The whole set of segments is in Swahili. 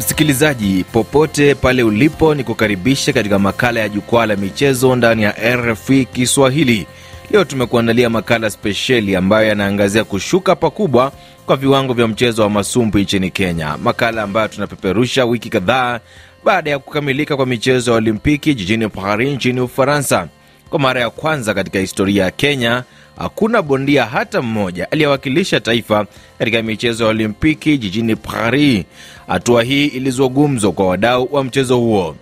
Msikilizaji popote pale ulipo, ni kukaribisha katika makala ya jukwaa la michezo ndani ya RFI Kiswahili. Leo tumekuandalia makala spesheli ambayo yanaangazia kushuka pakubwa kwa viwango vya mchezo wa masumbwi nchini Kenya, makala ambayo tunapeperusha wiki kadhaa baada ya kukamilika kwa michezo ya Olimpiki jijini Paris nchini Ufaransa. Kwa mara ya kwanza katika historia ya Kenya, hakuna bondia hata mmoja aliyewakilisha taifa katika michezo ya Olimpiki jijini Paris. Hatua hii ilizogumzwa kwa wadau wa mchezo huo.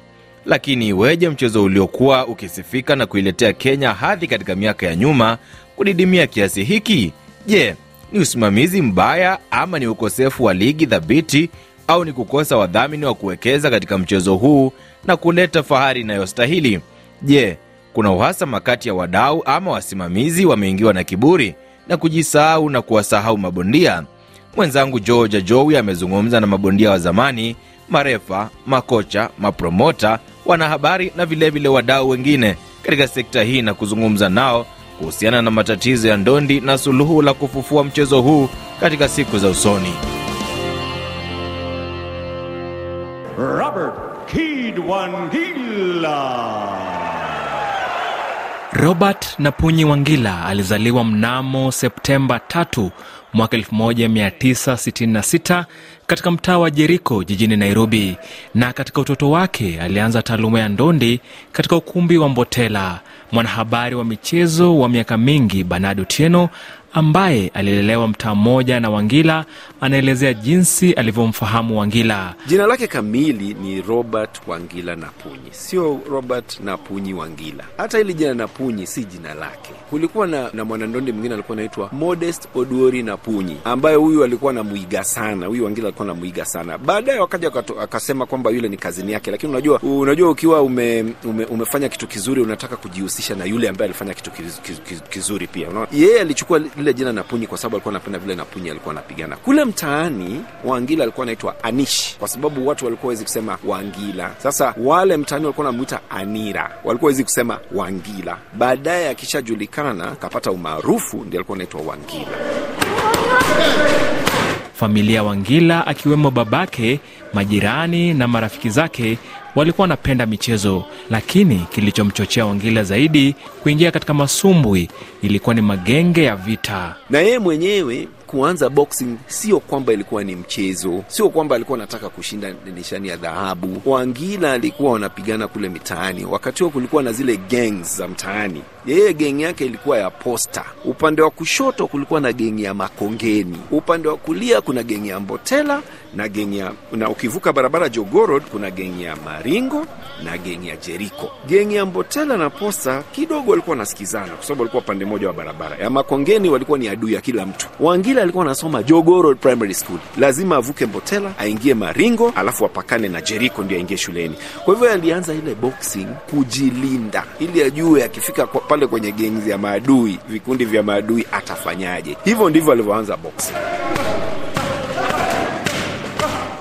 Lakini iweje mchezo uliokuwa ukisifika na kuiletea Kenya hadhi katika miaka ya nyuma kudidimia kiasi hiki? Je, ni usimamizi mbaya ama ni ukosefu wa ligi thabiti au ni kukosa wadhamini wa kuwekeza katika mchezo huu na kuleta fahari inayostahili? Je, kuna uhasama kati ya wadau ama wasimamizi wameingiwa na kiburi na kujisahau na kuwasahau mabondia. Mwenzangu Georgia jowi amezungumza na mabondia wa zamani, marefa, makocha, mapromota, wanahabari na vilevile wadau wengine katika sekta hii na kuzungumza nao kuhusiana na matatizo ya ndondi na suluhu la kufufua mchezo huu katika siku za usoni. Robert Kidwangila. Robert Napunyi Wangila alizaliwa mnamo Septemba 3 mwaka 1966 katika mtaa wa Jeriko jijini Nairobi, na katika utoto wake alianza taaluma ya ndondi katika ukumbi wa Mbotela. Mwanahabari wa michezo wa miaka mingi Bernard Otieno ambaye alilelewa mtaa mmoja na Wangila anaelezea jinsi alivyomfahamu Wangila. Jina lake kamili ni Robert Wangila Napunyi, sio Robert Napunyi Wangila. Hata hili jina Napunyi si jina lake. Kulikuwa na, na mwanandondi mwingine alikuwa anaitwa Modest Oduori Napunyi, ambaye huyu alikuwa anamwiga sana, huyu Wangila alikuwa anamwiga sana. Baadaye wakaja akasema kwamba yule ni kazini yake, lakini unajua, unajua ukiwa ume, ume, umefanya kitu kizuri unataka kujihusisha na yule ambaye alifanya kitu kizuri, kizuri pia Yeye alichukua lile jina Napunyi kwa sababu alikuwa anapenda vile Napunyi alikuwa anapigana kule mtaani. Wangila alikuwa anaitwa Anishi kwa sababu watu walikuwa wezi kusema Wangila. Sasa wale mtaani walikuwa wanamwita Anira, walikuwa wezi kusema Wangila. Baadaye akishajulikana kapata umaarufu, ndio alikuwa anaitwa Wangila. Familia Wangila akiwemo babake, majirani na marafiki zake walikuwa wanapenda michezo, lakini kilichomchochea Wangila zaidi kuingia katika masumbwi ilikuwa ni magenge ya vita na yeye mwenyewe kuanza boxing sio kwamba ilikuwa ni mchezo, sio kwamba alikuwa anataka kushinda nishani ya dhahabu. Wangila alikuwa wanapigana kule mitaani, wakati huo kulikuwa na zile gangs za mtaani. Yeye geng yake ilikuwa ya Posta, upande wa kushoto kulikuwa na geng ya Makongeni, upande wa kulia kuna geng ya Mbotela na geng ya na ukivuka barabara Jogorod kuna geng ya Maringo na geng ya Jeriko. Geng ya Mbotela na Posa kidogo walikuwa wanasikizana kwa sababu walikuwa pande moja wa barabara. Ya Makongeni walikuwa ni adui ya kila mtu. Wangila alikuwa anasoma Jogorod Primary School, lazima avuke Mbotela aingie Maringo alafu apakane na Jeriko ndio aingie shuleni. Kwa hivyo alianza ile boxing kujilinda, ili ajue akifika pale kwenye geng ya maadui, vikundi vya maadui atafanyaje. Hivyo ndivyo alivyoanza boxing.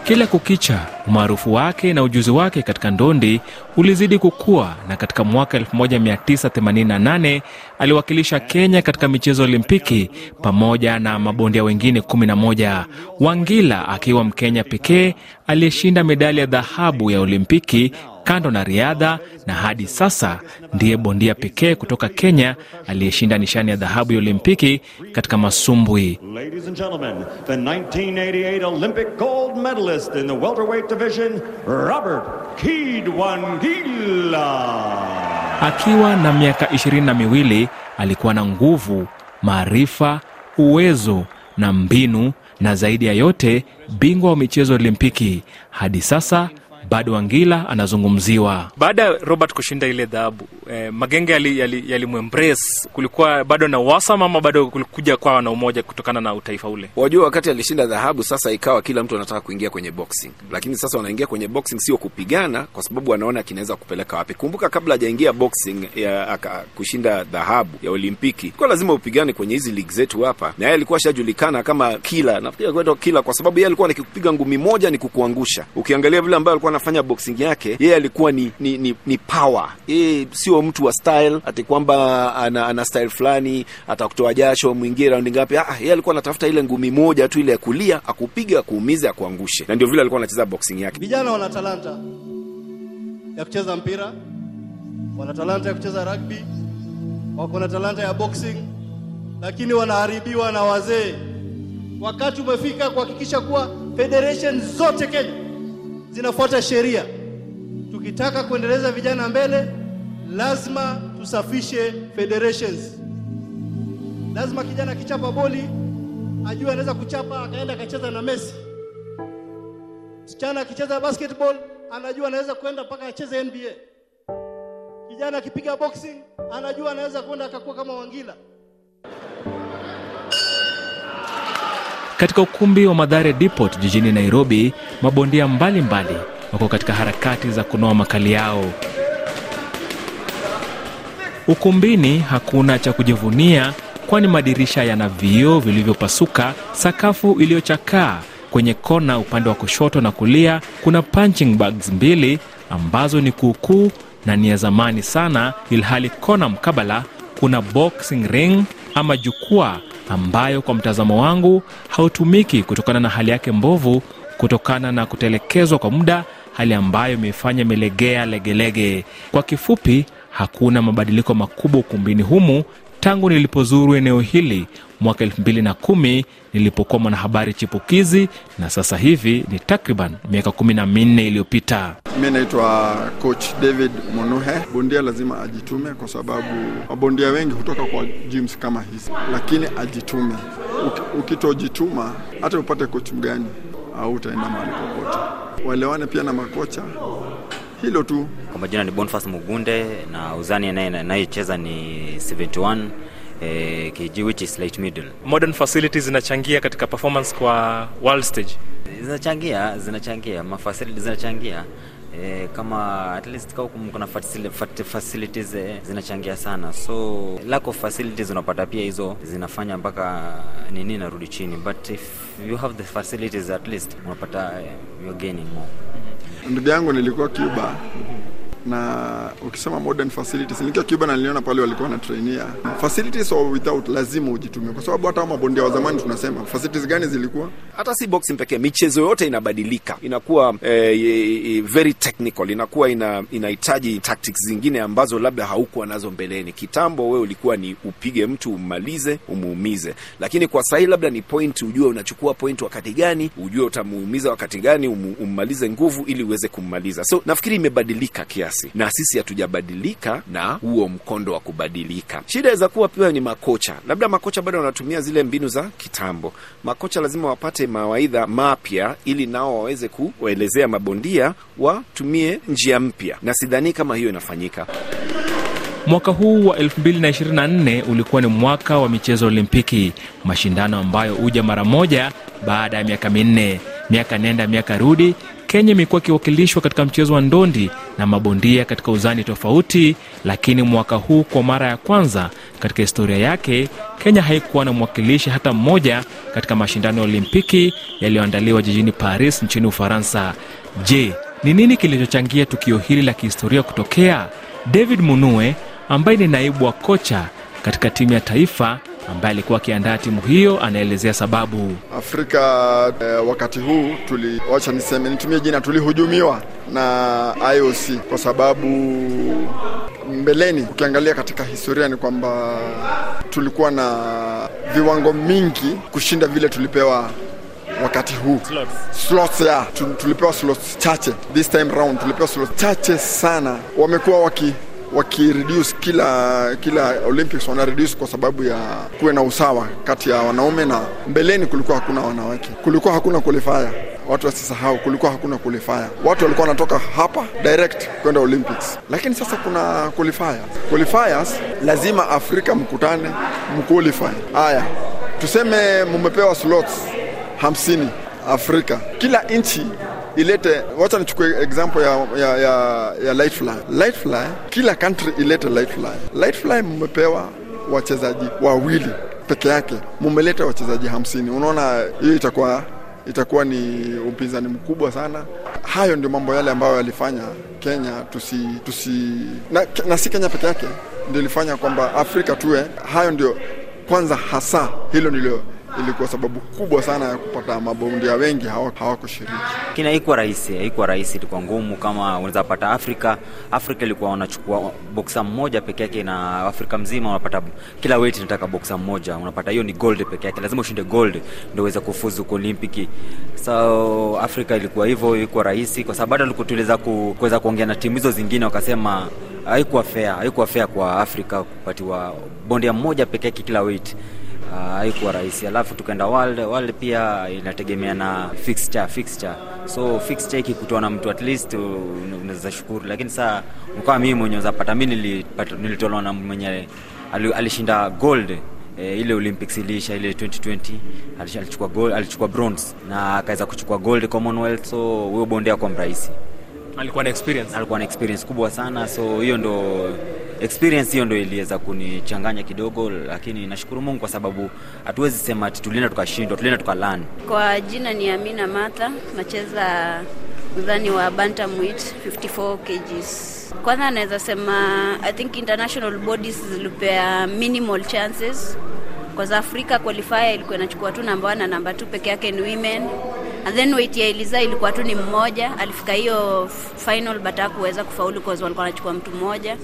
Kila kukicha umaarufu wake na ujuzi wake katika ndondi ulizidi kukua, na katika mwaka 1988 aliwakilisha Kenya katika michezo Olimpiki pamoja na mabondia wengine 11, Wangila akiwa Mkenya pekee aliyeshinda medali ya dhahabu ya Olimpiki kando na riadha, na hadi sasa ndiye bondia pekee kutoka Kenya aliyeshinda nishani ya dhahabu ya Olimpiki katika masumbwi. Akiwa na miaka ishirini na miwili alikuwa na nguvu, maarifa, uwezo na mbinu, na zaidi ya yote, bingwa wa michezo Olimpiki. Hadi sasa bado Wangila anazungumziwa baada ya Robert kushinda ile dhahabu. Eh, magenge yalimwembrace yali, yali kulikuwa bado na wasama ama bado kulikuja kwawa na umoja kutokana na utaifa ule. Wajua, wakati alishinda dhahabu, sasa ikawa kila mtu anataka kuingia kwenye boxing, lakini sasa wanaingia kwenye boxing sio kupigana, kwa sababu wanaona kinaweza kupeleka wapi. Kumbuka kabla hajaingia boxing ya, aka, kushinda dhahabu ya Olimpiki kwa lazima upigane kwenye hizi ligi zetu hapa, na yeye alikuwa shajulikana kama kila nafikiri kila, kwa sababu yeye alikuwa nikikupiga ngumi moja ni kukuangusha. Ukiangalia vile ambayo alikuwa anafanya boxing yake yeye alikuwa ni ni, ni, ni power. Yeye sio mtu wa style ati kwamba ana, ana style fulani atakutoa jasho mwingie raundi ngapi. Ah, yeye alikuwa anatafuta ile ngumi moja tu ile ya kulia akupiga akuumize akuangushe, na ndio vile alikuwa anacheza boxing yake. Vijana wana talanta ya kucheza mpira, wana talanta ya kucheza rugby, wako na talanta ya boxing, lakini wanaharibiwa na wazee. Wakati umefika kuhakikisha kuwa federation zote Kenya zinafuata sheria. Tukitaka kuendeleza vijana mbele, lazima tusafishe federations. Lazima kijana akichapa boli ajue anaweza kuchapa akaenda akacheza na Messi. Msichana akicheza basketball anajua anaweza kwenda mpaka acheze NBA. Kijana akipiga boxing anajua anaweza kwenda akakuwa kama Wangila. Katika ukumbi wa madhare Depot jijini Nairobi, mabondia mbalimbali mbali wako katika harakati za kunoa makali yao. Ukumbini hakuna cha kujivunia, kwani madirisha yana vioo vilivyopasuka, sakafu iliyochakaa. Kwenye kona upande wa kushoto na kulia kuna punching bags mbili ambazo ni kuukuu na ni ya zamani sana, ilhali kona mkabala kuna boxing ring ama jukwaa ambayo kwa mtazamo wangu hautumiki kutokana na hali yake mbovu, kutokana na kutelekezwa kwa muda, hali ambayo imeifanya imelegea legelege. Kwa kifupi, hakuna mabadiliko makubwa ukumbini humu tangu nilipozuru eneo hili mwaka 2010 nilipokuwa mwanahabari chipukizi, na sasa hivi ni takriban miaka kumi na minne iliyopita. Mi naitwa coach David monuhe Bondia lazima ajitume, kwa sababu mabondia wengi hutoka kwa gyms kama hizi, lakini ajitume. Ukitojituma hata upate coach mgani, au utaenda mahali popote. Waelewane pia na makocha hilo tu. Kwa majina ni Bonfas Mugunde na uzani anayecheza ni 71 eh, kg which is light middle. Modern facilities zinachangia katika performance kwa world stage. Zinachangia, zinachangia mafacilities zinachangia E, kama at least kwa kuna facilities e, zinachangia sana, so lack of facilities unapata pia hizo zinafanya mpaka nini narudi chini, but if you have the facilities at least unapata eh, you're gaining more. Ndugu yangu nilikuwa Cuba na ukisema modern facilities, nikiwa Cuba na niliona pale walikuwa na trainia facilities or without, lazima ujitumie, kwa sababu hata mabondia wa zamani tunasema facilities gani zilikuwa. Hata si boxing pekee, michezo yote inabadilika, inakuwa eh, very technical, inakuwa ina inahitaji tactics zingine ambazo labda haukuwa nazo mbeleni. Kitambo wewe ulikuwa ni upige mtu umalize umuumize, lakini kwa sahii labda ni point, ujue unachukua point wakati gani, ujue utamuumiza wakati gani, ummalize nguvu ili uweze kummaliza. So nafikiri imebadilika kiasi nafasi na sisi hatujabadilika na huo mkondo wa kubadilika. Shida za kuwa pia ni makocha, labda makocha bado wanatumia zile mbinu za kitambo. Makocha lazima wapate mawaidha mapya, ili nao waweze kuwaelezea mabondia watumie njia mpya, na sidhani kama hiyo inafanyika. Mwaka huu wa 224 ulikuwa ni mwaka wa michezo Olimpiki, mashindano ambayo huja mara moja baada ya miaka minne, miaka nenda miaka rudi, Kenya imekuwa ikiwakilishwa katika mchezo wa ndondi na mabondia katika uzani tofauti, lakini mwaka huu kwa mara ya kwanza katika historia yake Kenya haikuwa na mwakilishi hata mmoja katika mashindano ya Olimpiki yaliyoandaliwa jijini Paris nchini Ufaransa. Je, ni nini kilichochangia tukio hili la kihistoria kutokea? David Munue ambaye ni naibu wa kocha katika timu ya taifa ambaye alikuwa akiandaa timu hiyo anaelezea sababu. Afrika eh, wakati huu tuliwacha niseme, nitumie jina, tulihujumiwa na IOC kwa sababu mbeleni ukiangalia katika historia ni kwamba tulikuwa na viwango mingi kushinda vile tulipewa wakati huu Slots ya tulipewa slots chache, this time round tulipewa slots chache sana, wamekuwa waki wakireduce kila kila Olympics reduce kwa sababu ya kuwe na usawa kati ya wanaume, na mbeleni kulikuwa hakuna wanawake, kulikuwa hakuna qualifier. Watu wasisahau, kulikuwa hakuna qualifier. Watu walikuwa wanatoka hapa direct kwenda Olympics, lakini sasa kuna qualifier. Qualifiers lazima Afrika mkutane mqualify. Haya, tuseme mumepewa slots hamsini Afrika, kila nchi ilete, wacha nichukue example ya, ya, ya, ya Light fly, kila country ilete Light fly mmepewa wachezaji wawili peke yake, mumeleta wachezaji hamsini. Unaona hiyo itakuwa itakuwa ni upinzani mkubwa sana. Hayo ndio mambo yale ambayo yalifanya Kenya tusi, tusi na, na si Kenya peke yake ndio ilifanya kwamba Afrika tuwe. Hayo ndio kwanza hasa hilo ndio ilikuwa sababu kubwa sana ya kupata mabondia wengi hawakushiriki. Hawa kina haikuwa rahisi, haikuwa rahisi, ilikuwa ngumu. Kama unaweza pata Afrika, Afrika ilikuwa wanachukua boksa mmoja peke yake, na Afrika mzima unapata kila weti nataka boksa mmoja, unapata hiyo ni gold peke yake, lazima ushinde gold ndio uweze kufuzu kwa Olimpiki. So Afrika ilikuwa hivyo, ilikuwa rahisi kwa sababu hata tuliweza kuweza kuongea na timu hizo zingine, wakasema haikuwa fair, haikuwa fair kwa Afrika kupatiwa bondia mmoja peke yake kila weti Ah, haikuwa rahisi. Alafu tukaenda world world, pia inategemea na fixture fixture, so fixture ikikutoa na mtu at least unaweza shukuru, lakini saa mkawa mimi mwenye zapata mi nilitolewa na mwenye alishinda gold E, ile Olympics iliisha ile 2020 alichukua gold, alichukua bronze na akaweza kuchukua gold Commonwealth, so huyo bondea kwa mrahisi alikuwa na experience, alikuwa na experience kubwa sana, so hiyo ndo experience hiyo ndio iliweza kunichanganya kidogo, lakini nashukuru Mungu kwa sababu hatuwezi sema ati tulienda tukashindwa, tulienda tukalan. Kwa jina ni Amina Martha, nacheza udhani wa bantamweight 54 kgs. Kwanza naweza sema I think international bodies zilipea minimal chances kwa za Afrika qualifier ilikuwa inachukua tu namba 1 na namba 2 peke yake ni women and then weight ya Eliza ilikuwa tu ni mmoja, alifika hiyo final but hakuweza kufaulu because walikuwa wanachukua mtu mmoja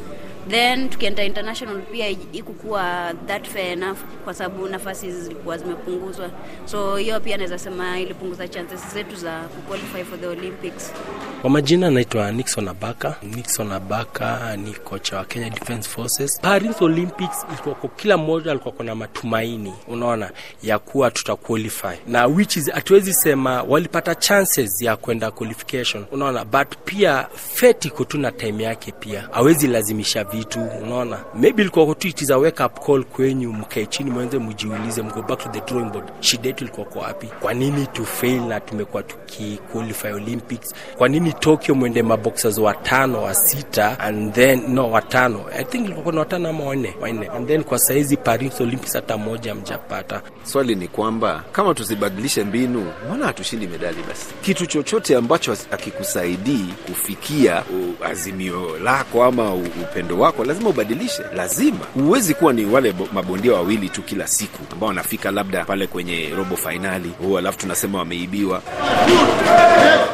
Then tukienda international pia ikukuwa that fair enough, kwa sababu nafasi zilikuwa zimepunguzwa, so hiyo pia naweza sema ilipunguza chances zetu za kuqualify for the Olympics. Kwa majina anaitwa Nixon Abaka. Nixon Abaka ni kocha wa Kenya Defence Forces. Paris Olympics ilikuwako kila mmoja alikuwako na matumaini, unaona, ya kuwa tutaqualify na which is hatuwezi sema walipata chances ya kwenda qualification, unaona, but pia feti kutuna time yake, pia awezi lazimisha vitu, unaona. Maybe ilikuwa tu it is a wake up call kwenyu, mkae chini mwanze mjiulize, mgo back to the drawing board. Shida yetu ilikuwa kwa wapi? Kwa nini to fail na tumekuwa tuki qualify Olympics? Kwa nini Tokyo mwende maboxers wa tano wa sita and then no wa tano I think ilikuwa kuna watano ama wanne wanne, and then kwa saizi Paris Olympics hata moja mjapata. Swali ni kwamba kama tusibadilishe mbinu, mbona hatushindi medali? Basi kitu chochote ambacho akikusaidii kufikia azimio lako ama upendo wako lazima ubadilishe, lazima huwezi kuwa ni wale mabondia wawili tu kila siku ambao wanafika labda pale kwenye robo fainali huo, alafu tunasema wameibiwa.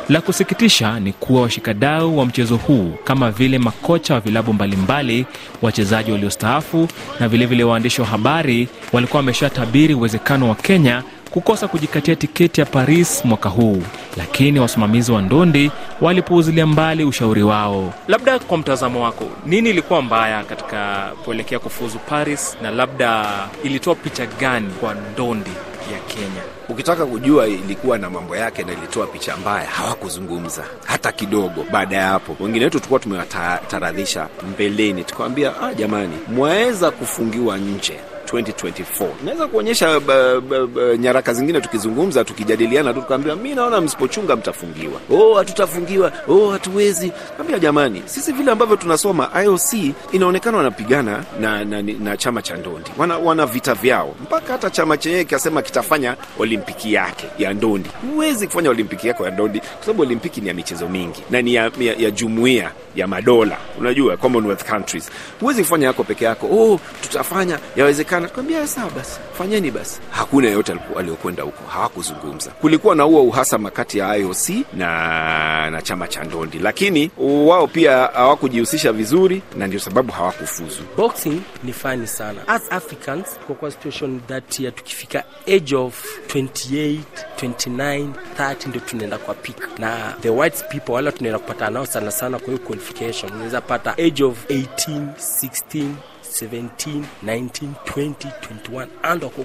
La kusikitisha ni kuwa washikadau wa mchezo huu kama vile makocha wa vilabu mbalimbali, wachezaji waliostaafu na vilevile waandishi wa habari walikuwa wameshatabiri uwezekano wa Kenya kukosa kujikatia tiketi ya Paris mwaka huu, lakini wasimamizi wa ndondi walipuuzilia mbali ushauri wao. Labda kwa mtazamo wako, nini ilikuwa mbaya katika kuelekea kufuzu Paris, na labda ilitoa picha gani kwa ndondi ya Kenya? Ukitaka kujua ilikuwa na mambo yake na ilitoa picha mbaya, hawakuzungumza hata kidogo. Baada ya hapo, wengine wetu tulikuwa tumewataradhisha mbeleni, tukawambia ah, jamani, mwaweza kufungiwa nje 2024. Naweza kuonyesha ba, uh, ba, ba, nyaraka zingine tukizungumza tukijadiliana tu tukaambiwa, mi naona msipochunga mtafungiwa. Oh, hatutafungiwa. Oh, hatuwezi. Kaambia jamani, sisi vile ambavyo tunasoma IOC inaonekana wanapigana na, na, na, na chama cha ndondi. Wana, wana vita vyao. Mpaka hata chama chenyewe kasema kitafanya olimpiki yake ya ndondi. Huwezi kufanya olimpiki yako ya ndondi kwa sababu olimpiki ni ya michezo mingi na ni ya, ya, ya jumuia ya madola. Unajua Commonwealth countries. Huwezi kufanya yako peke yako. Oh, tutafanya yawezekana sana. Tukamwambia sawa basi, fanyeni basi. Hakuna yeyote aliyokwenda huko, hawakuzungumza. Kulikuwa na huo uhasama kati ya IOC na, na chama cha ndondi, lakini wao pia hawakujihusisha vizuri, na ndio sababu hawakufuzu. Boxing ni fani sana as Africans, kwa kwa situation that ya tukifika age of 28 29 30 ndio tunaenda kwa peak, na the white people wala tunaenda kupata nao sana sana. Kwa hiyo qualification unaweza pata age of 18 16 17,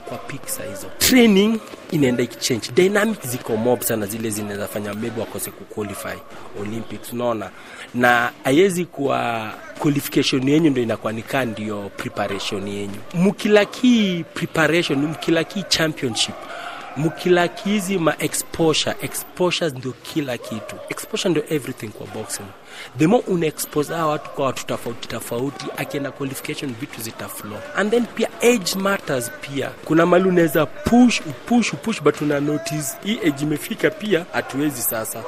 kwa peak hizo. Training inaenda ikichange, dynamic ziko mob sana, zile zinaweza fanya maybe wakose kuqualify Olympics, unaona, na haiwezi kuwa qualification yenyu ndo inakuwa nikaa ndio preparation yenyu, mkilakii preparation, mkilakii championship mkilaki hizi ma exposure. ndio kila kitu, exposure ndio everything kwa boxing the more unaexpose hawa watu kwa watu tofauti tofauti, akienda qualification vitu zitaflow. And then pia age matters pia, kuna mali unaweza push upush upush, but una notice hii age imefika, pia hatuwezi sasa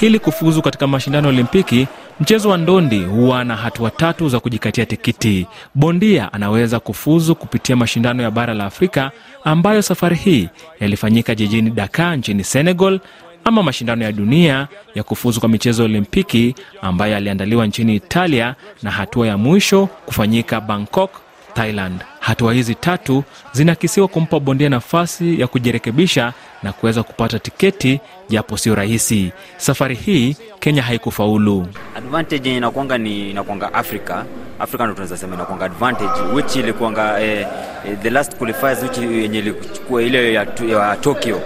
hili kufuzu katika mashindano ya Olimpiki. Mchezo wa ndondi huwa na hatua tatu za kujikatia tikiti. Bondia anaweza kufuzu kupitia mashindano ya bara la Afrika ambayo safari hii yalifanyika jijini Dakar nchini Senegal ama mashindano ya dunia ya kufuzu kwa michezo ya Olimpiki ambayo yaliandaliwa nchini Italia na hatua ya mwisho kufanyika Bangkok, Thailand. Hatua hizi tatu zinakisiwa kumpa bondia nafasi ya kujirekebisha na kuweza kupata tiketi, japo sio rahisi. Safari hii Kenya haikufaulu. Advantage inakuanga ni inakuanga Afrika Afrika ndo tunaweza sema inakuanga advantage which ilikuanga eh, eh, the last qualifiers which yenye ilichukua ile ya, ya Tokyo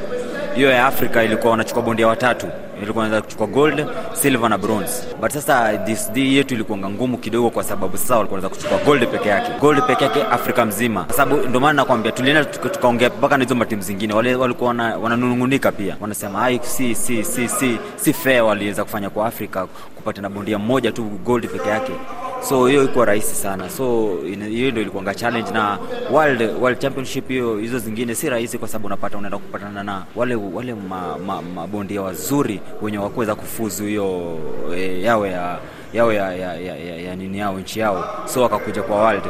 hiyo ya Afrika ilikuwa wanachukua bondia watatu, ilikuwa wanaweza kuchukua gold, silver na bronze. But sasa DSD yetu ilikuwa ngumu kidogo, kwa sababu sasa walikuwa wanaweza kuchukua gold peke yake, gold peke yake Afrika mzima, kwa sababu ndio maana nakwambia tulienda tukaongea mpaka na hizo matimu zingine, wale walikuwa wananungunika pia, wanasema ai si si si si si fair waliweza kufanya kwa Afrika kupata na bondia mmoja tu gold peke yake so hiyo iko rahisi sana, so hiyo ndio nga challenge, na world world championship hiyo, hizo zingine si rahisi, kwa sababu unapata unaenda kupatana na wale wale mabondia ma, ma wazuri wenye wakuweza kufuzu hiyo e, yawe ya yawe ya, ya, ya, ya, ya nini yao nchi yao, so wakakuja kwa world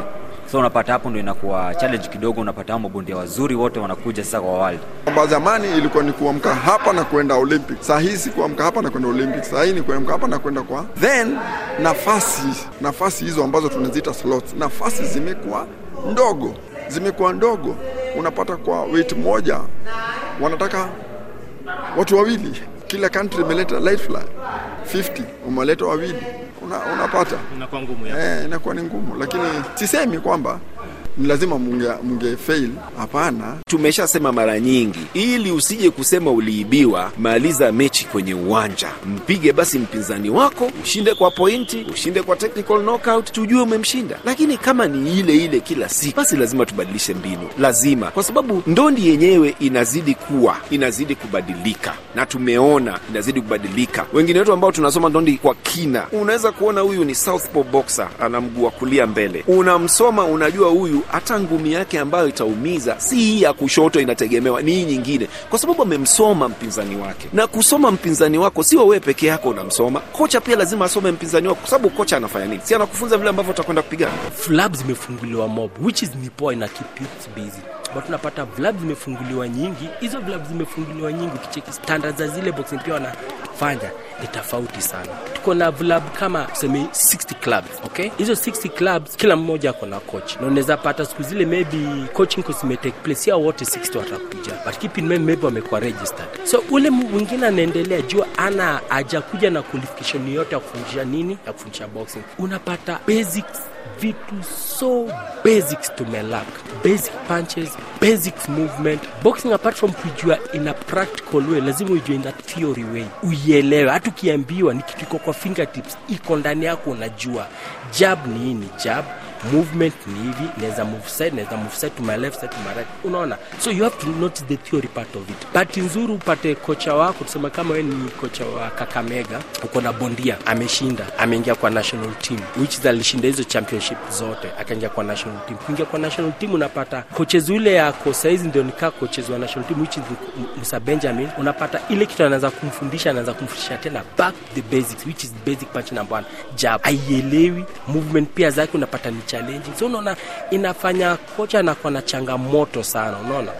So unapata hapo ndo inakuwa challenge kidogo, unapata hao mabondia wazuri wote wanakuja sasa kwa world. Kwa zamani ilikuwa ni kuamka hapa na kwenda Olympic, saa hii si kuamka hapa na kwenda Olympic, saa hii ni kuamka hapa na kwenda kwa then nafasi nafasi hizo ambazo tunaziita slots, nafasi zimekuwa ndogo, zimekuwa ndogo. Unapata kwa weight moja wanataka watu wawili, kila country imeleta light 50 umaleta wawili unapata una, una inakuwa ngumu, eh, ni ngumu, lakini sisemi kwamba ni lazima munge, munge fail. Hapana, tumeshasema mara nyingi, ili usije kusema uliibiwa, maliza mechi kwenye uwanja, mpige basi mpinzani wako, ushinde kwa pointi, ushinde kwa technical knockout, tujue umemshinda. Lakini kama ni ile ile kila siku, basi lazima tubadilishe mbinu, lazima, kwa sababu ndondi yenyewe inazidi kuwa inazidi kubadilika, na tumeona inazidi kubadilika. Wengine wetu ambao tunasoma ndondi kwa kina, unaweza kuona huyu ni southpaw boxer, ana mguu wa kulia mbele, unamsoma unajua huyu hata ngumi yake ambayo itaumiza si hii ya kushoto, inategemewa ni hii nyingine, kwa sababu amemsoma mpinzani wake. Na kusoma mpinzani wako sio wewe peke yako unamsoma, kocha pia lazima asome mpinzani wako, kwa sababu kocha anafanya nini? Si anakufunza vile ambavyo utakwenda kupigana. Flab zimefunguliwa mob which is ni poa, ina but tunapata club zimefunguliwa nyingi. Hizo club zimefunguliwa nyingi, ukicheki standard za zile boxing pia wanafanya ni tofauti sana. Tuko na vlab kama tuseme 60 clubs, okay? Hizo 60 clubs kila mmoja ako na coach, na unaweza pata siku zile maybe coaching course may take place, sio wote 60 watakuja, but keep in mind maybe wamekuwa registered, so ule mwingine anaendelea jua ana ajakuja na qualification yote ya kufundisha nini, ya kufundisha boxing, unapata basics vitu so basics tumelak basic punches basic movement boxing apart from kujua in a practical way lazima ujue in that theory way uielewe hata ukiambiwa ni kitu iko kwa fingertips iko ndani yako unajua jab ni hii ni jab movement ni hivi, naweza move side, naweza move side to my left, side to my right, unaona. So you have to notice the theory part of it. but nzuri upate kocha wako, tuseme kama wewe ni kocha wa Kakamega, uko na bondia ameshinda, ameingia kwa national team which is alishinda hizo championship zote, akaingia kwa national team. Kuingia kwa national team unapata coaches yule yako saizi ndio nikaa coaches wa national team which is Musa Benjamin, unapata ile kitu anaweza kumfundisha, anaweza kumfundisha tena back the basics which is basic punch number 1 jab, aielewi movement pia zake unapata ni challenging. So unaona inafanya kocha anakuwa na changamoto sana, unaona.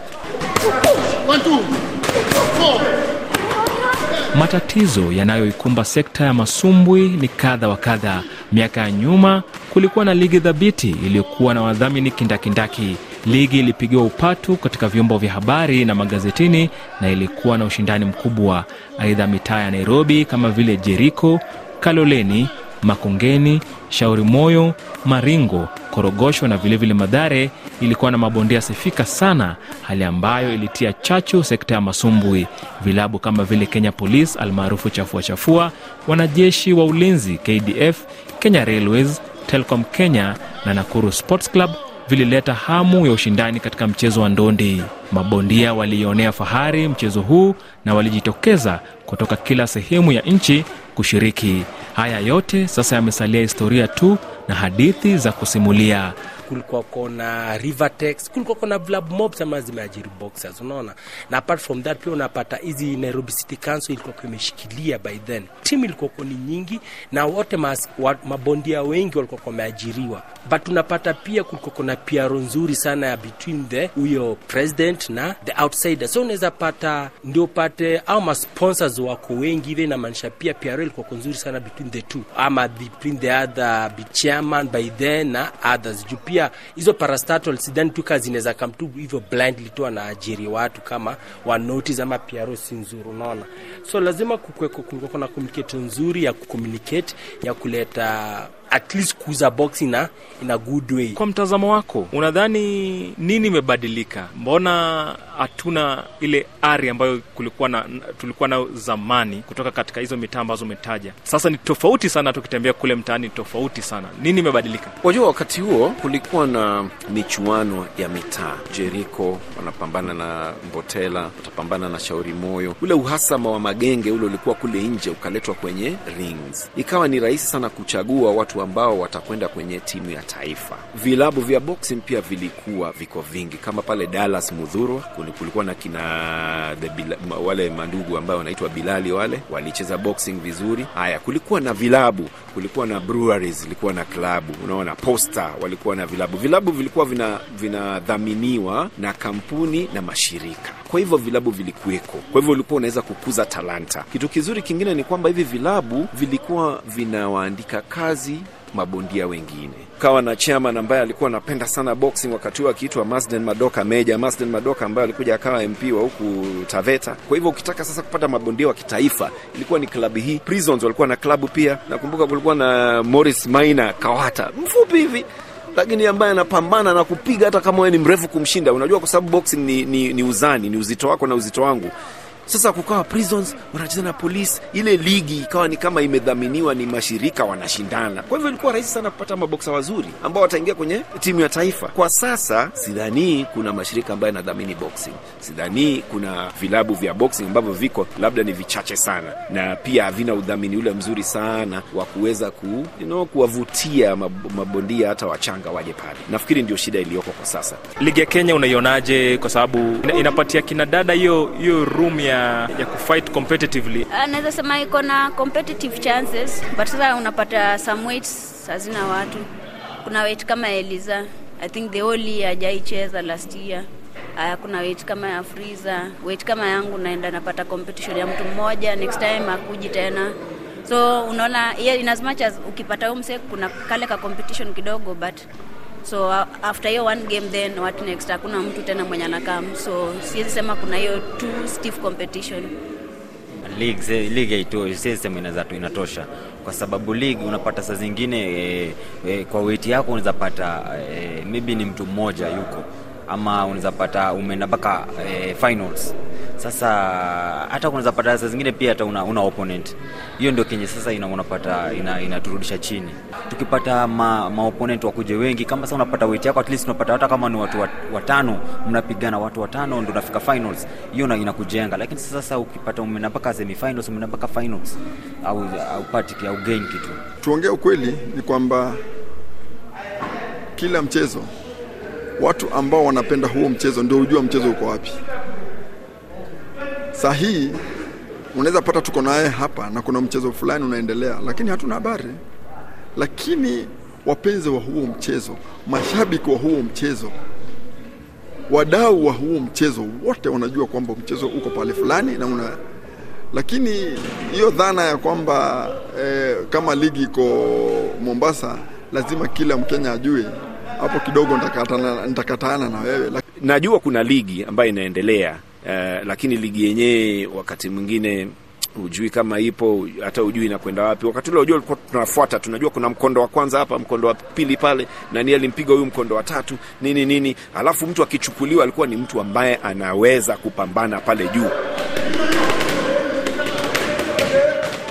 Matatizo yanayoikumba sekta ya masumbwi ni kadha wa kadha. Miaka ya nyuma kulikuwa na ligi dhabiti iliyokuwa na wadhamini kindakindaki. Ligi ilipigiwa upatu katika vyombo vya habari na magazetini na ilikuwa na ushindani mkubwa. Aidha, mitaa ya Nairobi kama vile Jeriko, Kaloleni Makongeni, Shauri Moyo, Maringo, Korogosho na vilevile vile Madhare ilikuwa na mabondia sifika sana, hali ambayo ilitia chachu sekta ya masumbwi. Vilabu kama vile Kenya Police almaarufu Chafua Chafua, wanajeshi wa ulinzi KDF, Kenya Railways, Telcom Kenya na Nakuru Sports Club vilileta hamu ya ushindani katika mchezo wa ndondi. Mabondia walionea fahari mchezo huu na walijitokeza kutoka kila sehemu ya nchi kushiriki. Haya yote sasa yamesalia historia tu na hadithi za kusimulia kulikuwa kona Rivertex, kulikuwa kona Vlab Mobs ambazo zimeajiri boxers, unaona. Na apart from that pia unapata hizi Nairobi City Council ilikuwa imeshikilia by then. Team ilikuwa ni nyingi na wote mas, wa, mabondia wengi walikuwa wameajiriwa, but unapata pia kulikuwa kona piaro nzuri sana ya between the huyo president na the outsider, so unaweza pata ndio pate au ma sponsors wako wengi ile na manisha pia piaro ilikuwa nzuri sana between the two ama between the other chairman by then na others juu pia pia hizo parastatal sidhani tu kazi inaweza kamtu hivyo blindly tu anaajiri watu kama wa notice ama piaro si nzuri, unaona. So lazima kukweko kuna communicate nzuri ya kucommunicate ya kuleta at least kuza box ina, in a good way. Kwa mtazamo wako, unadhani nini imebadilika? Mbona hatuna ile ari ambayo kulikuwa na, tulikuwa nayo zamani kutoka katika hizo mitaa ambazo umetaja? Sasa ni tofauti sana, tukitembea kule mtaani tofauti sana. Nini imebadilika? Wajua, wakati huo kulikuwa na michuano ya mitaa. Jeriko wanapambana na Mbotela, watapambana na Shauri Moyo. Ule uhasama wa magenge ule ulikuwa kule nje, ukaletwa kwenye rings, ikawa ni rahisi sana kuchagua watu ambao watakwenda kwenye timu ya taifa. Vilabu vya boxing pia vilikuwa viko vingi, kama pale Dallas Mudhurwa kulikuwa na kina the bila, wale mandugu ambao wanaitwa Bilali wale walicheza boxing vizuri. Haya, kulikuwa na vilabu, kulikuwa na breweries, ilikuwa na klabu, unaona posta, walikuwa na vilabu. Vilabu vilikuwa vinadhaminiwa vina na kampuni na mashirika, kwa hivyo vilabu vilikuweko, kwa hivyo ulikuwa unaweza kukuza talanta. Kitu kizuri kingine ni kwamba hivi vilabu vilikuwa vinawaandika kazi mabondia wengine. Kawa na chairman ambaye alikuwa anapenda sana boxing wakati huo akiitwa Masden Madoka Meja, Masden Madoka ambaye alikuja akawa MP wa huku Taveta. Kwa hivyo ukitaka sasa kupata mabondia wa kitaifa ilikuwa ni klabu hii. Prisons walikuwa na klabu pia. Nakumbuka kulikuwa na Morris Maina Kawata, mfupi hivi lakini ambaye anapambana na kupiga hata kama wewe ni mrefu kumshinda. Unajua, kwa sababu boxing ni, ni, ni uzani, ni uzito wako na uzito wangu. Sasa kukawa prisons wanacheza na polisi, ile ligi ikawa ni kama imedhaminiwa, ni mashirika wanashindana. Kwa hivyo ilikuwa rahisi sana kupata maboksa wazuri ambao wataingia kwenye timu ya taifa. Kwa sasa sidhanii kuna mashirika ambayo yanadhamini boxing, sidhanii kuna vilabu vya boxing ambavyo viko labda ni vichache sana, na pia havina udhamini ule mzuri sana wa kuweza ku, you know, kuwavutia mabondia hata wachanga waje pale. Nafikiri ndio shida iliyoko kwa sasa. Ligi ya Kenya unaionaje? Kwa sababu inapatia kina dada hiyo hiyo room ya ya, kufight competitively? Anaweza uh, sema iko na competitive chances, but sasa unapata some weights hazina watu. Kuna weight kama Eliza, I think the only hajaicheza last year Aya, uh, kuna weight kama ya freezer weight kama yangu, naenda napata competition ya mtu mmoja, next time akuji tena so unaona yeah, in as ukipata umse kuna kale ka competition kidogo but so after hiyo one game then what next hakuna mtu tena mwenye anakam so siwezi sema kuna hiyo two stiff competition eh, league, league siwezi sema inaweza tu inatosha kwa sababu league unapata saa zingine e, e, kwa weti yako unaweza pata e, maybe ni mtu mmoja yuko ama unaweza pata umeenda mpaka e, finals. Sasa hata unaweza pata saa zingine pia hata una, una opponent. Hiyo ndio kenye sasa ina unapata inaturudisha ina chini. Tukipata ma, ma opponent wakuje wengi, kama sasa unapata weight yako, at least unapata hata kama ni watu watano mnapigana watu watano ndio unafika finals, hiyo inakujenga. Lakini sasa ukipata umeenda mpaka semi finals, umeenda mpaka finals au au party au gain kitu. Tuongee ukweli ni kwamba kila mchezo watu ambao wanapenda huo mchezo ndio hujua mchezo uko wapi. Saa hii unaweza pata tuko naye hapa na kuna mchezo fulani unaendelea, lakini hatuna habari. Lakini wapenzi wa huo mchezo, mashabiki wa huo mchezo, wadau wa huo mchezo, wote wanajua kwamba mchezo uko pale fulani na una lakini hiyo dhana ya kwamba eh, kama ligi iko Mombasa lazima kila Mkenya ajue hapo kidogo nitakatana, nitakatana na wewe. Najua kuna ligi ambayo inaendelea uh, lakini ligi yenyewe wakati mwingine hujui kama ipo, hata hujui inakwenda wapi. Wakati ule ujua ulikuwa tunafuata, tunajua kuna mkondo wa kwanza hapa, mkondo wa pili pale, nani alimpiga huyu, mkondo wa tatu nini nini, alafu mtu akichukuliwa alikuwa ni mtu ambaye anaweza kupambana pale juu.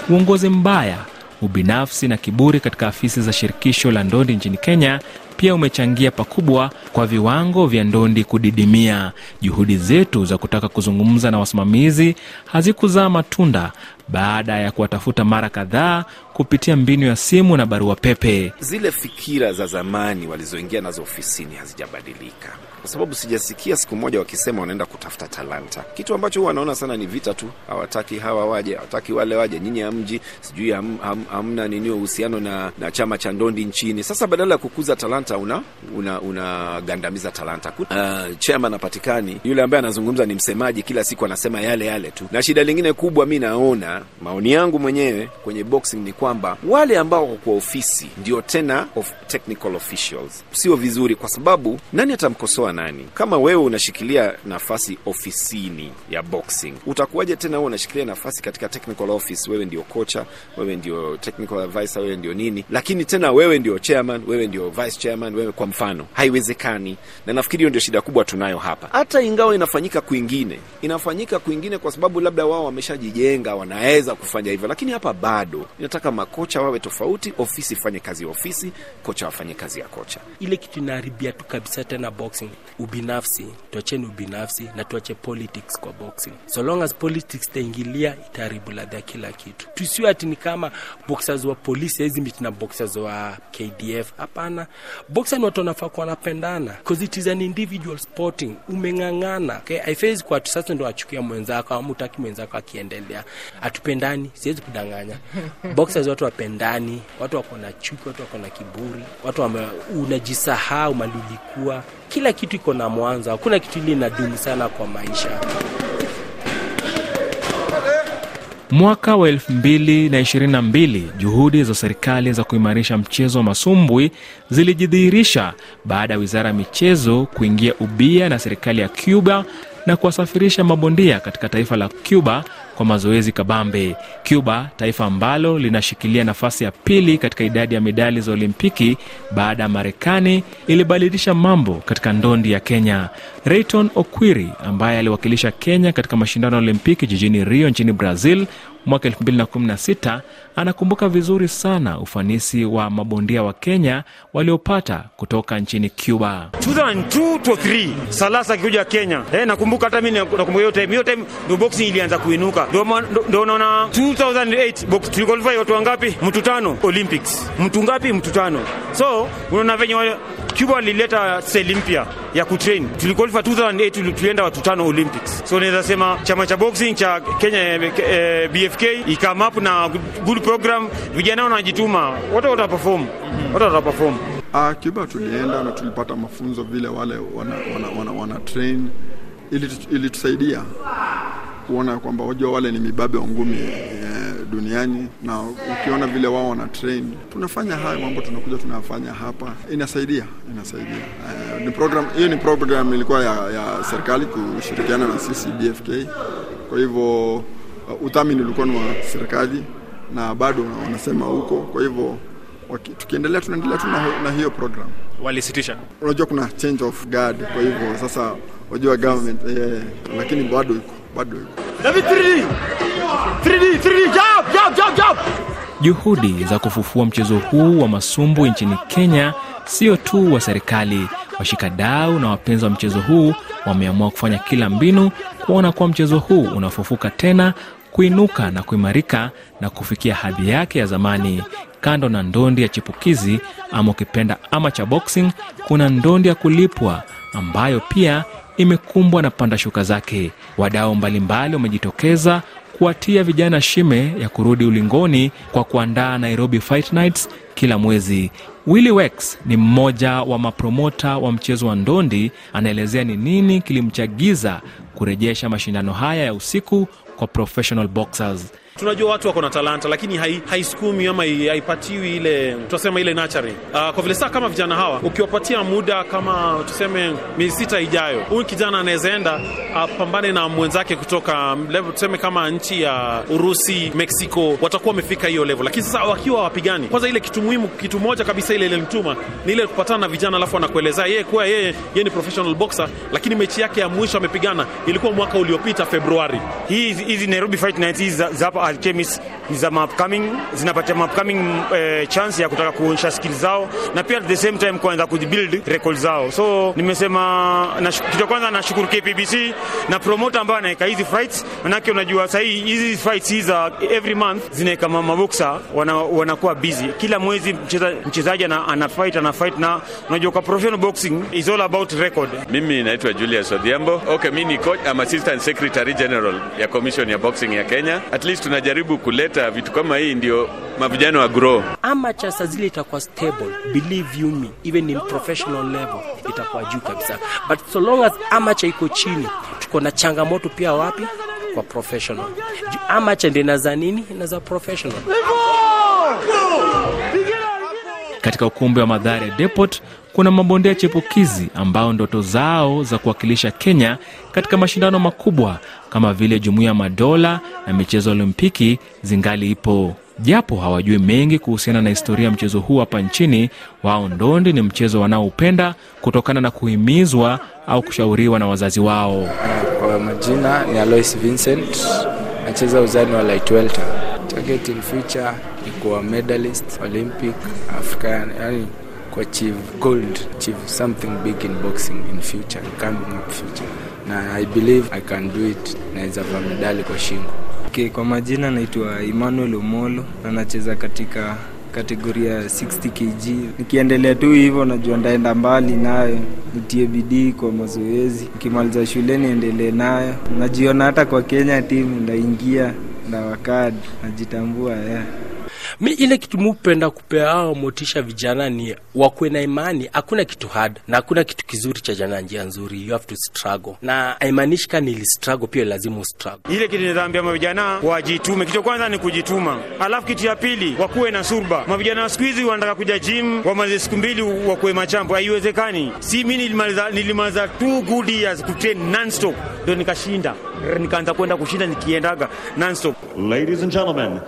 Uongozi mbaya ubinafsi na kiburi katika afisi za shirikisho la ndondi nchini Kenya pia umechangia pakubwa kwa viwango vya ndondi kudidimia. Juhudi zetu za kutaka kuzungumza na wasimamizi hazikuzaa matunda baada ya kuwatafuta mara kadhaa kupitia mbinu ya simu na barua pepe. Zile fikira za zamani walizoingia nazo ofisini hazijabadilika kwa sababu sijasikia siku moja wakisema wanaenda kutafuta talanta, kitu ambacho huwa wanaona sana ni vita tu. Hawataki hawa waje, hawataki wale waje, nyinyi hamji, sijui ham, ham, hamna nini uhusiano na, na chama cha ndondi nchini. Sasa badala ya kukuza talanta unagandamiza una, una talanta. Uh, ah, napatikani yule ambaye anazungumza ni msemaji, kila siku anasema yale yale tu, na shida lingine kubwa mi naona, maoni yangu mwenyewe kwenye boxing ni kwamba wale ambao kwa ofisi ndio tena of technical officials, sio vizuri, kwa sababu nani atamkosoa utakuwa nani? Kama wewe unashikilia nafasi ofisini ya boxing, utakuwaje tena wewe unashikilia nafasi katika technical office? Wewe ndio kocha, wewe ndio technical advisor, wewe ndio nini, lakini tena wewe ndio chairman, wewe ndio vice chairman, wewe kwa mfano, haiwezekani. Na nafikiri hiyo ndio shida kubwa tunayo hapa, hata ingawa inafanyika kwingine, inafanyika kwingine kwa sababu labda wao wameshajijenga, wanaweza kufanya hivyo, lakini hapa bado inataka makocha wawe tofauti, ofisi ifanye kazi ya ofisi, kocha wafanye kazi ya kocha. Ile kitu inaharibia tu kabisa tena boxing ubinafsi, tuacheni ubinafsi na tuache politics kwa boxing. So long as politics itaingilia, itaharibu ladha kila kitu. Tusiwe ati ni kama boxers wa polisi hizi meet na boxers wa KDF. Hapana, boxer ni watu wanafaa kuwa wanapendana because it is an individual sporting. Umeng'ang'ana okay? Haifezi kwa sasa ndo achukia mwenzako au mtaki mwenzako akiendelea, hatupendani. Siwezi kudanganya boxers, watu wapendani, watu wako na chuki, watu wako na kiburi, watu wame, unajisahau malilikuwa kila kitu iko na mwanzo, hakuna kitu ile dumu sana kwa maisha. Mwaka wa 2022 juhudi za serikali za kuimarisha mchezo wa masumbwi zilijidhihirisha baada ya wizara ya michezo kuingia ubia na serikali ya Cuba na kuwasafirisha mabondia katika taifa la Cuba kwa mazoezi kabambe. Cuba, taifa ambalo linashikilia nafasi ya pili katika idadi ya medali za Olimpiki baada ya Marekani, ilibadilisha mambo katika ndondi ya Kenya. Rayton Okwiri ambaye aliwakilisha Kenya katika mashindano ya Olimpiki jijini Rio nchini Brazil mwaka 2016 anakumbuka vizuri sana ufanisi wa mabondia wa Kenya waliopata kutoka nchini Cuba. 2002 Salasa akikuja Kenya. Eh, nakumbuka hata mimi nakumbuka hiyo time. Hiyo time ndio boxing ilianza kuinuka. Ndio naona 2008 box tulikwalify watu wangapi? Mtu tano Olympics. Mtu ngapi? Mtu tano. So unaona venye Cuba walileta seli mpya ya kutrain. Tulikwalifa 2008 tulienda watu tano Olympics. So unaweza sema chama cha boxing cha Kenya eh, eh BF FK i come up na good program, vijana wanajituma, watu wataperform, watu wataperform. Ah, Cuba tulienda na tulipata mafunzo vile wale wana, wana, wana, wana train ilitusaidia ili kuona kwamba wajua wale ni mibabe wa ngumi eh, duniani na ukiona vile wao wana train, tunafanya haya mambo tunakuja tunafanya hapa, inasaidia inasaidia. Eh, ni program hiyo, ni program ilikuwa ya, ya serikali kushirikiana na sisi BFK, kwa hivyo Uh, udhamini ulikuwa ni wa serikali na bado wanasema huko, kwa hivyo tukiendelea tunaendelea tu na hiyo program. Walisitisha, unajua kuna change of guard, kwa hivyo sasa wajua government eh, lakini bado iko bado iko. Juhudi za kufufua mchezo huu wa masumbu nchini Kenya sio tu wa serikali. Washikadau na wapenzi wa mchezo huu wameamua kufanya kila mbinu kuona kuwa mchezo huu unafufuka tena kuinuka na kuimarika na kufikia hadhi yake ya zamani. Kando na ndondi ya chipukizi ama ukipenda ama cha boxing, kuna ndondi ya kulipwa ambayo pia imekumbwa na panda shuka zake. wadao mbalimbali wamejitokeza kuwatia vijana shime ya kurudi ulingoni kwa kuandaa Nairobi Fight Nights kila mwezi. willi Wex ni mmoja wa mapromota wa mchezo wa ndondi, anaelezea ni nini kilimchagiza kurejesha mashindano haya ya usiku who professional boxers Tunajua watu wako na talanta, lakini haisukumi hai ama haipatiwi ile tunasema ile nachari Uh, ah, kwa vile saa kama vijana hawa ukiwapatia muda kama tuseme miezi sita ijayo, huyu kijana anawezaenda apambane uh, na mwenzake kutoka level, tuseme kama nchi ya Urusi, Mexico, watakuwa wamefika hiyo level. Lakini sasa wakiwa wapigani kwanza, ile kitu muhimu, kitu moja kabisa ile ile ni ile kupatana na vijana, alafu anakuelezea yeye kuwa yeye ye ni professional boxer, lakini mechi yake ya mwisho amepigana ilikuwa mwaka uliopita Februari. Hizi Nairobi Fight Nights hizi za hapa Alchemist ni za upcoming, zinapatia upcoming eh, chance ya kutaka kuonyesha skills zao na pia at the same time kuanza kubuild record zao. So nimesema na kitu kwanza, nashukuru KPBC na promoter ambaye anaweka hizi fights, manake unajua sasa hizi fights hizi za every month zinaweka mama boxer wana, wanakuwa busy kila mwezi, mchezaji ana, ana fight ana fight, na unajua kwa professional boxing is all about record. Mimi naitwa Julius Odhiambo. Okay, mimi ni coach, I'm assistant secretary general ya commission ya boxing ya Kenya. At least tunajaribu kuleta vitu kama hii ndio mavijana wa grow. Ama chasa zile itakuwa stable, believe you me, even in professional level itakuwa juu kabisa, but so long as amacha iko chini, tuko na changamoto pia wapi kwa professional. Amacha ndio inaza nini, inaza professional. Katika ukumbi wa madhare Depot kuna mabondea chepukizi ambao ndoto zao za kuwakilisha Kenya katika mashindano makubwa kama vile Jumuiya ya Madola na michezo ya Olimpiki zingali ipo japo hawajui mengi kuhusiana na historia ya mchezo huu hapa nchini. Wao ndondi ni mchezo wanaoupenda kutokana na kuhimizwa au kushauriwa na wazazi wao. Kwa majina ni Alois Vincent, nacheza uzani wa light welter. Target in future ni kuwa medalist Olympic African, yani kuachieve gold, achieve something big in boxing in future, coming up future, na I believe I can do it, naweza vaa medali kwa shingo. Okay, kwa majina naitwa Emmanuel Omolo na nacheza katika kategoria 60 kg. Nikiendelea tu hivyo, najua ndaenda mbali nayo, nitie bidii kwa mazoezi, nikimaliza shule niendelee nayo. Najiona hata kwa Kenya timu ndaingia na wakadi, najitambua yeah. Mi ile kitu mupenda kupea ao motisha vijana ni wakuwe na imani. Hakuna kitu hard na hakuna kitu kizuri cha jana njia nzuri, you have to struggle na haimaanishi kani ili struggle pia lazima struggle. Ile kitu nitaambia mavijana wajitume, kitu kwanza ni kujituma, alafu kitu ya pili wakuwe na surba. Mavijana wa siku hizi wanataka kuja gym wamaze siku mbili wakuwe machambo, haiwezekani. Si mi nilimaliza, nilimaliza two good years kutrain non-stop nikashinda nikaanza kwenda kushinda nikiendaga nonstop. Ladies and gentlemen,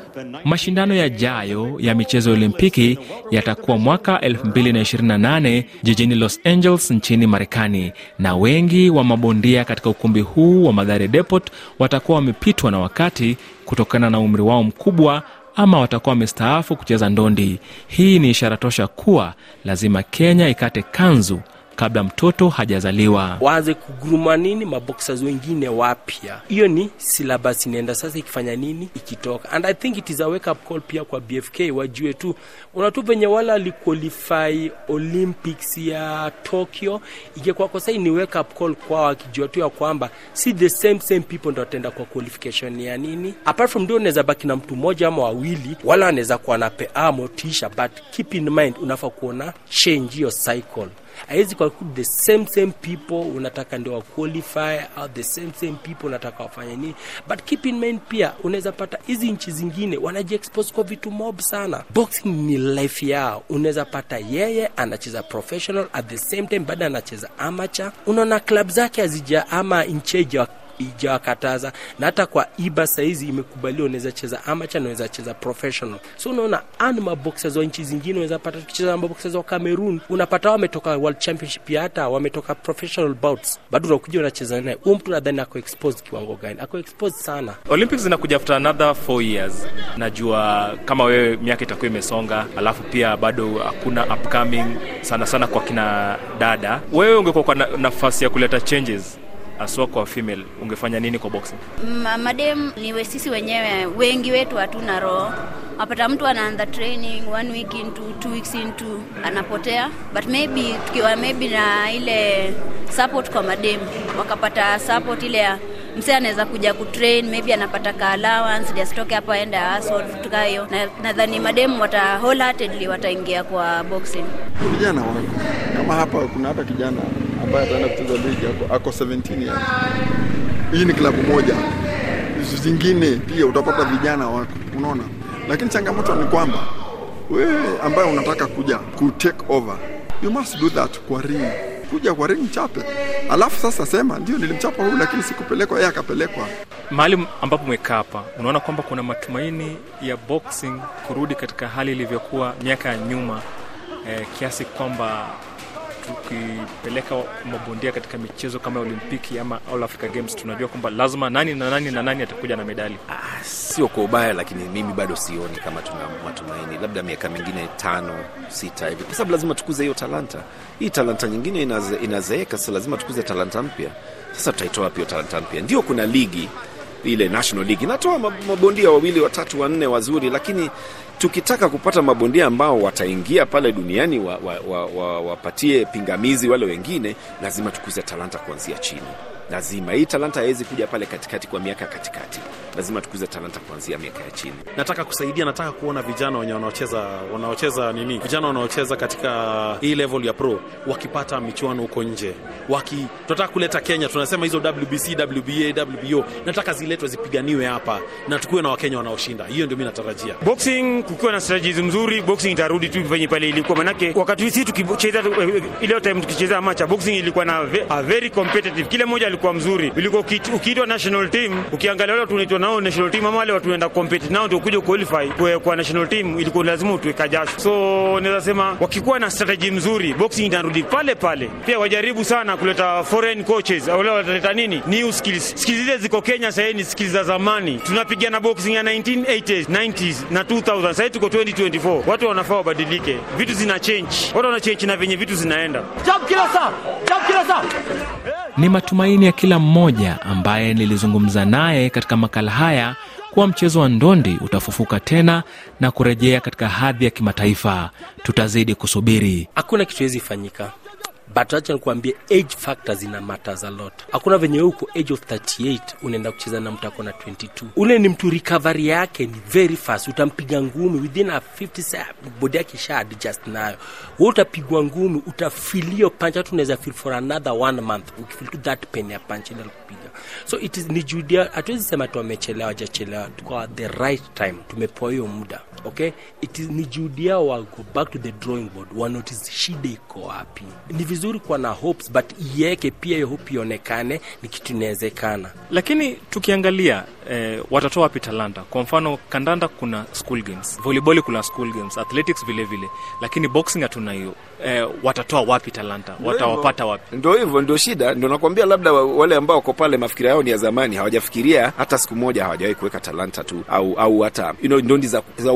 mashindano yajayo ya michezo ya Olimpiki yatakuwa mwaka 2028 jijini Los Angeles nchini Marekani, na wengi wa mabondia katika ukumbi huu wa Madhare Depot watakuwa wamepitwa na wakati kutokana na umri wao mkubwa ama watakuwa wamestaafu kucheza ndondi. Hii ni ishara tosha kuwa lazima Kenya ikate kanzu kabla mtoto hajazaliwa. Waanze kuguruma nini maboxers wengine wapya, hiyo ni silabas inaenda sasa ikifanya nini, ikitoka. And I think it is a wake up call pia kwa BFK, wajue tu unatu venye wala aliqualify Olympics ya Tokyo, ingekuwa kwa sai ni wake up call kwao, akijua tu ya kwamba si the same same people ndo watenda kwa qualification ya nini. Apart from ndio unaweza baki na mtu mmoja ama wawili, wala anaweza kuwa na peamo ah, tisha but keep in mind unafaa kuona change hiyo cycle haiwezi kuwakuta the same same people unataka ndio qualify au the same same people unataka wafanye nini, but keep in mind pia unaweza pata hizi nchi zingine wanajiexpose kwa vitu mob sana. Boxing ni life yao, unaweza pata yeye anacheza professional at the same time bado anacheza amateur. Unaona club zake azija ama ncheja ijawakataza na hata kwa iba sahizi imekubaliwa, unaweza cheza amateur na unaweza cheza professional. So unaona anima boxers wa nchi zingine unaweza pata tukicheza na wa Cameroon unapata wametoka world championship ya hata wametoka professional bouts, bado unakuja unacheza naye huyu mtu, nadhani ako exposed kiwango gani? Ako exposed sana. Olympics zinakuja after another 4 years. Najua kama wewe miaka itakuwa imesonga, alafu pia bado hakuna upcoming sana sana kwa kina dada. Wewe ungekuwa kwa nafasi ya kuleta changes aswa kwa female, ungefanya nini kwa boxing? Madem, ni we sisi wenyewe, wengi wetu hatuna roho. apata mtu anaanza training one week into, two weeks into, anapotea but maybe tukiwa maybe na ile support kwa madem, wakapata support ile ya msee anaweza kuja kutrain maybe anapata ka allowance asitoke hapa aende asol tukaa hiyo nadhani na mademu wata wholeheartedly wataingia kwa boxing vijana wako kama hapa kuna hata kijana ambaye ataenda kucheza ligi ako, ako 17 years. Hii ni klabu moja, zingine pia utapata vijana wako, unaona. Lakini changamoto ni kwamba wewe ambaye unataka kuja ku take over, you must do that kwa ring, kuja kwa ring chape, alafu sasa sema ndio nilimchapa huyu, lakini sikupelekwa, yeye akapelekwa. Mahali ambapo umekaa hapa, unaona kwamba kuna matumaini ya boxing kurudi katika hali ilivyokuwa miaka ya nyuma, eh, kiasi kwamba tukipeleka mabondia katika michezo kama Olimpiki ama All Africa Games, tunajua kwamba lazima nani na nani na nani atakuja na medali. Ah, sio kwa ubaya, lakini mimi bado sioni kama tuna matumaini, labda miaka mingine tano sita hivi, kwa sababu lazima tukuze hiyo talanta. Hii talanta nyingine inaze, inazeeka sasa, lazima tukuze talanta mpya. Sasa tutaitoa pia talanta mpya, ndio kuna ligi ile National League inatoa mabondia wawili watatu wanne wazuri, lakini tukitaka kupata mabondia ambao wataingia pale duniani wapatie wa, wa, wa, wa pingamizi wale wengine, lazima tukuze talanta kuanzia chini lazima hii talanta haiwezi kuja pale katikati kwa miaka katikati, lazima tukuze talanta kuanzia miaka ya chini. Nataka kusaidia, nataka kuona vijana wenye wanaocheza wanaocheza nini, vijana wanaocheza katika hii e level ya pro wakipata michuano huko nje, waki tunataka kuleta Kenya, tunasema hizo WBC, WBA, WBO, nataka ziletwe zipiganiwe hapa na tukuwe na Wakenya wanaoshinda. Hiyo ndio mimi natarajia boxing, kukiwa na strategies mzuri, boxing itarudi tu venye pale ilikuwa, manake wakati sisi tukicheza eh, eh, ile time tukicheza macha boxing ilikuwa na a very competitive, kila moja alikuwa mzuri kuliko ukiitwa national team. Ukiangalia wale watu unaitwa nao national team ama wale watu unaenda compete nao ndio kuja qualify kwa, kwa national team, ilikuwa lazima utweka jasho. So naweza sema wakikuwa na strategy mzuri, boxing inarudi pale pale. Pia wajaribu sana kuleta foreign coaches au leo wataleta nini new skills, skills zile ziko Kenya sasa hivi, skills za zamani. Tunapigana boxing ya 1980s, 90s na 2000, sasa tuko 2024. Watu wanafaa wabadilike, vitu zina change, watu wana change na venye vitu zinaenda. Jump kila saa, jump kila saa. Ni matumaini maoni ya kila mmoja ambaye nilizungumza naye katika makala haya kuwa mchezo wa ndondi utafufuka tena na kurejea katika hadhi ya kimataifa. Tutazidi kusubiri, hakuna kitu hezi fanyika but acha nikuambie age factors ina matters a lot. Hakuna venye wewe uko age of 38 unaenda kucheza na mtu akona 22. Ule ni mtu recovery yake ni very fast, utampiga ngumi within a 50 body yake sha adjust nayo. Wewe utapigwa ngumi utafilio pancha tunaweza feel for another one month ukifeel that pain ya pancha ndio so it is ni judia hatuwezi sema tu wamechelewa wajachelewa kwa the right time tumepewa hiyo muda okay it is ni juhudi wa go back to the drawing board wanotice shida iko wapi ni vizuri kuwa na hopes but iweke pia hiyo hope ionekane ni kitu inawezekana lakini tukiangalia eh, watatoa wapi talanta kwa mfano kandanda kuna school games volleyball kuna school games athletics vile vile lakini boxing hatuna hiyo eh, watatoa wapi talanta, watawapata wapi? Ndio hivyo, ndio shida, ndio nakwambia, labda wale ambao wako pale mafikira yao ni ya zamani, hawajafikiria hata siku moja, hawajawahi kuweka talanta tu au au hata you know, ndondi za, za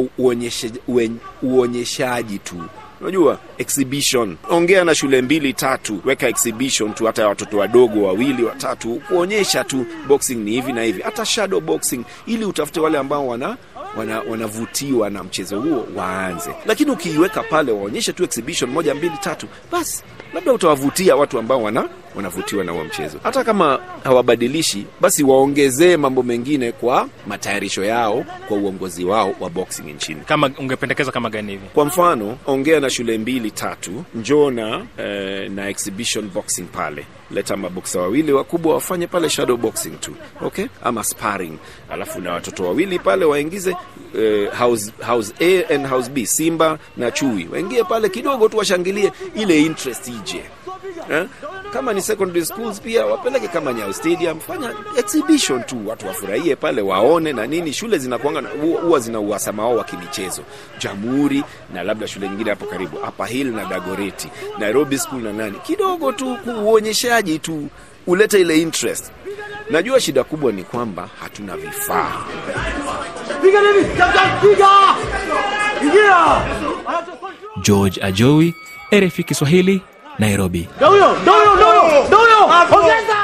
uonyeshaji tu Unajua, exhibition, ongea na shule mbili tatu, weka exhibition tu, hata watoto wadogo wawili watatu, kuonyesha tu boxing ni hivi na hivi, hata shadow boxing, ili utafute wale ambao wana wana, wanavutiwa na mchezo huo waanze. Lakini ukiiweka pale waonyeshe tu exhibition moja mbili tatu, basi labda utawavutia watu ambao wana wanavutiwa na huo mchezo. Hata kama hawabadilishi, basi waongezee mambo mengine kwa matayarisho yao kwa uongozi wao wa boxing nchini. Kama ungependekeza kama gani hivi? Kwa mfano, ongea na shule mbili tatu, njoo na eh, na exhibition boxing pale leta maboksa wawili wakubwa wafanye pale shadow boxing tu, okay, ama sparring, alafu na watoto wawili pale waingize eh, house, house A and house B, simba na chui waingie pale kidogo tu, washangilie ile interest ije eh? Kama ni secondary schools pia wapeleke kama Nyayo Stadium, fanya exhibition tu, watu wafurahie pale, waone na nini. Shule zinakuanga huwa zina uhasama wao wa kimichezo, Jamhuri na labda shule nyingine hapo karibu, Upper Hill na Dagoreti, Nairobi School na nani, kidogo tu kuuonyeshaji tu, ulete ile interest. Najua shida kubwa ni kwamba hatuna vifaa. George Ajowi, RFI Kiswahili, Nairobi. Don't you, don't you, don't you, don't you. Ah,